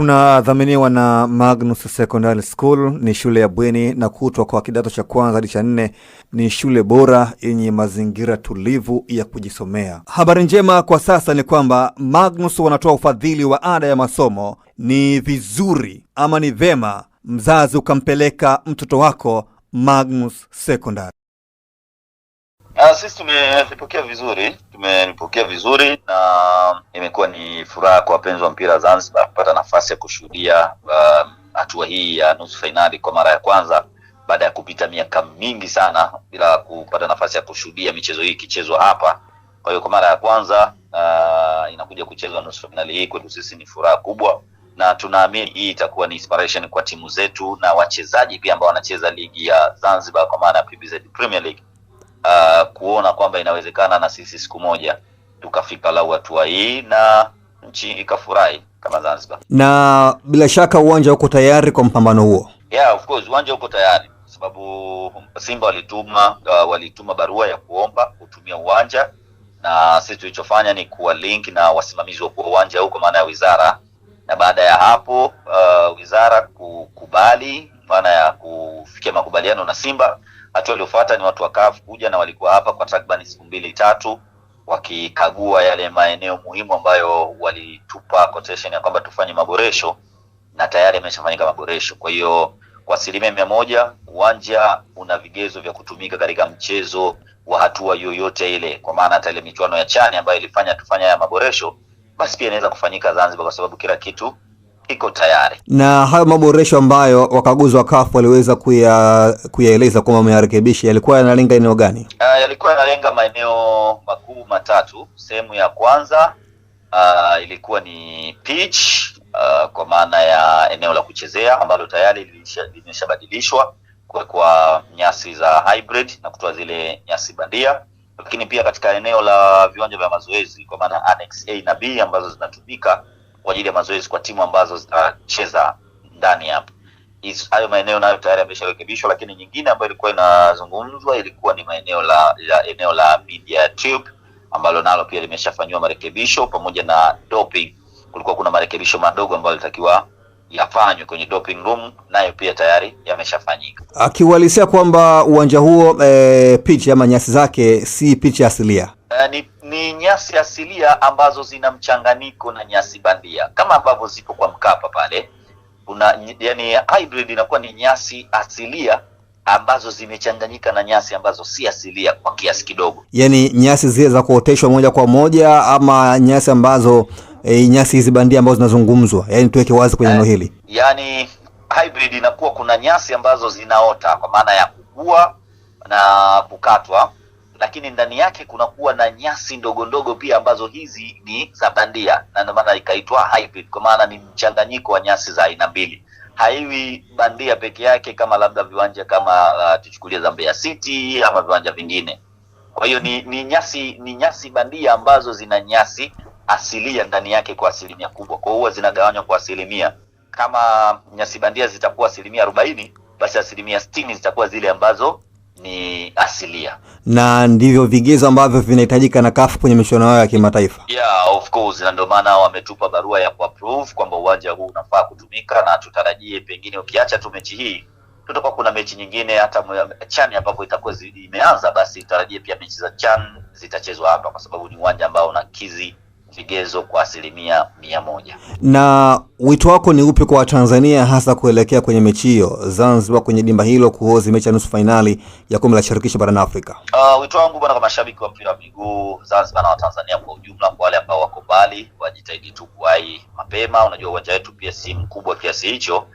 Tunadhaminiwa na Magnus Secondary School. Ni shule ya bweni na kutwa kwa kidato cha kwanza hadi cha nne. Ni shule bora yenye mazingira tulivu ya kujisomea. Habari njema kwa sasa ni kwamba Magnus wanatoa ufadhili wa ada ya masomo. Ni vizuri ama ni vema mzazi ukampeleka mtoto wako Magnus Secondary. Ah, sisi tumepokea vizuri, tumepokea vizuri na furaha kwa wapenzi wa mpira Zanzibar kupata nafasi ya kushuhudia uh, hatua uh, hii ya nusu fainali kwa mara ya kwanza baada ya kupita miaka mingi sana bila kupata nafasi ya kushuhudia michezo hii ikichezwa hapa. Kwa hiyo kwa mara ya kwanza uh, inakuja kuchezwa nusu fainali hii, kwetu sisi ni furaha kubwa, na tunaamini hii itakuwa ni inspiration kwa timu zetu na wachezaji pia ambao wanacheza ligi ya Zanzibar kwa maana ya PBZ Premier League uh, kuona kwamba inawezekana na sisi siku moja tukafika lau hatua hii na nchi ikafurahi kama Zanzibar. Na bila shaka uwanja uko tayari kwa mpambano huo? Yeah, of course uwanja uko tayari sababu um, Simba walituma uh, walituma barua ya kuomba kutumia uwanja na sisi tulichofanya ni kuwa link na wasimamizi wa uwanja huko, maana ya wizara, na baada ya hapo uh, wizara kukubali, maana ya kufikia makubaliano na Simba. Hatua iliyofuata ni watu wa CAF kuja na walikuwa hapa kwa takribani siku mbili tatu wakikagua yale maeneo muhimu ambayo walitupa quotation ya kwamba tufanye maboresho na tayari yameshafanyika maboresho. Kwa hiyo kwa asilimia mia moja uwanja una vigezo vya kutumika katika mchezo wa hatua yoyote ile, kwa maana hata ile michuano ya chani ambayo ilifanya tufanya haya maboresho, basi pia inaweza kufanyika Zanzibar, kwa sababu kila kitu iko tayari. Na hayo maboresho ambayo wakaguzi wa CAF waliweza kuya kuyaeleza kwamba wameyarekebisha yalikuwa yanalenga eneo gani? Uh, yalikuwa yanalenga maeneo makuu matatu. Sehemu ya kwanza uh, ilikuwa ni pitch uh, kwa maana ya eneo la kuchezea ambalo tayari limeshabadilishwa kuwekwa nyasi za hybrid na kutoa zile nyasi bandia, lakini pia katika eneo la viwanja vya mazoezi kwa maana annex A na B ambazo zinatumika kwa ajili ya mazoezi kwa timu ambazo zitacheza ndani hapa. Hayo maeneo nayo tayari yamesharekebishwa, lakini nyingine ambayo ilikuwa inazungumzwa ilikuwa ni maeneo la, la eneo la media tube ambalo nalo pia limeshafanyiwa marekebisho pamoja na doping. Kulikuwa kuna marekebisho madogo ambayo alitakiwa yafanywe kwenye doping room, nayo pia tayari yameshafanyika, akiwalisia kwamba uwanja huo e, eh, pitch ama nyasi zake si pitch asilia e, ni ni nyasi asilia ambazo zina mchanganyiko na nyasi bandia kama ambavyo ziko kwa Mkapa pale. Kuna yani, hybrid inakuwa ni nyasi asilia ambazo zimechanganyika na nyasi ambazo si asilia kwa kiasi kidogo, yani nyasi zile za kuoteshwa moja kwa moja ama nyasi ambazo e, nyasi hizi bandia ambazo zinazungumzwa, yani tuweke wazi kwenye neno eh, hili yani hybrid inakuwa kuna nyasi ambazo zinaota kwa maana ya kukua na kukatwa lakini ndani yake kunakuwa na nyasi ndogo ndogo pia ambazo hizi ni za bandia, na ndio maana ikaitwa hybrid, kwa maana ni mchanganyiko wa nyasi za aina mbili haiwi bandia peke yake kama labda viwanja kama uh, tuchukulie Zambia City ama viwanja vingine. Kwa hiyo ni, ni nyasi ni nyasi bandia ambazo zina nyasi asilia ndani yake kwa asilimia kubwa, kwa huwa zinagawanywa kwa asilimia. Kama nyasi bandia zitakuwa asilimia arobaini, basi asilimia sitini zitakuwa zile ambazo ni asilia na ndivyo vigezo ambavyo vinahitajika na kafu kwenye michuano yao ya kimataifa. Yeah, of course, na ndio maana wametupa barua ya kuapprove kwamba uwanja huu unafaa kutumika, na tutarajie pengine, ukiacha tu mechi hii, tutakuwa kuna mechi nyingine hata chani ambapo itakuwa imeanza, basi tarajie pia mechi za CHAN zitachezwa hapa, kwa sababu ni uwanja ambao unakizi vigezo kwa asilimia mia moja. Na wito wako ni upi kwa Watanzania hasa kuelekea kwenye mechi hiyo Zanzibar, kwenye dimba hilo kuhozi mechi ya nusu fainali ya kombe la shirikisho barani Afrika? Uh, wito wangu bwana, kwa mashabiki wa mpira wa miguu Zanzibar na Watanzania kwa ujumla, kwa wale ambao wako mbali wajitahidi tu kuwahi mapema. Unajua uwanja wetu pia si mkubwa kiasi hicho,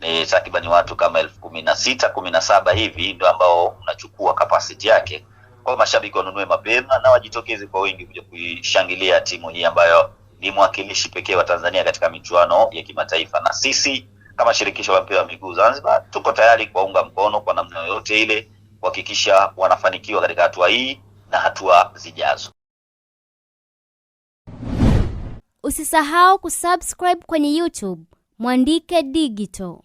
ni takriban watu kama elfu kumi na sita kumi na saba hivi ndio ambao unachukua kapasiti yake kwa mashabiki wanunue mapema na wajitokeze kwa wingi kuja kuishangilia timu hii ambayo ni mwakilishi pekee wa Tanzania katika michuano ya kimataifa, na sisi kama shirikisho la mpira wa miguu Zanzibar tuko tayari kuwaunga mkono kwa namna yoyote ile kuhakikisha wanafanikiwa katika hatua hii na hatua zijazo. Usisahau kusubscribe kwenye YouTube Mwandike Digital.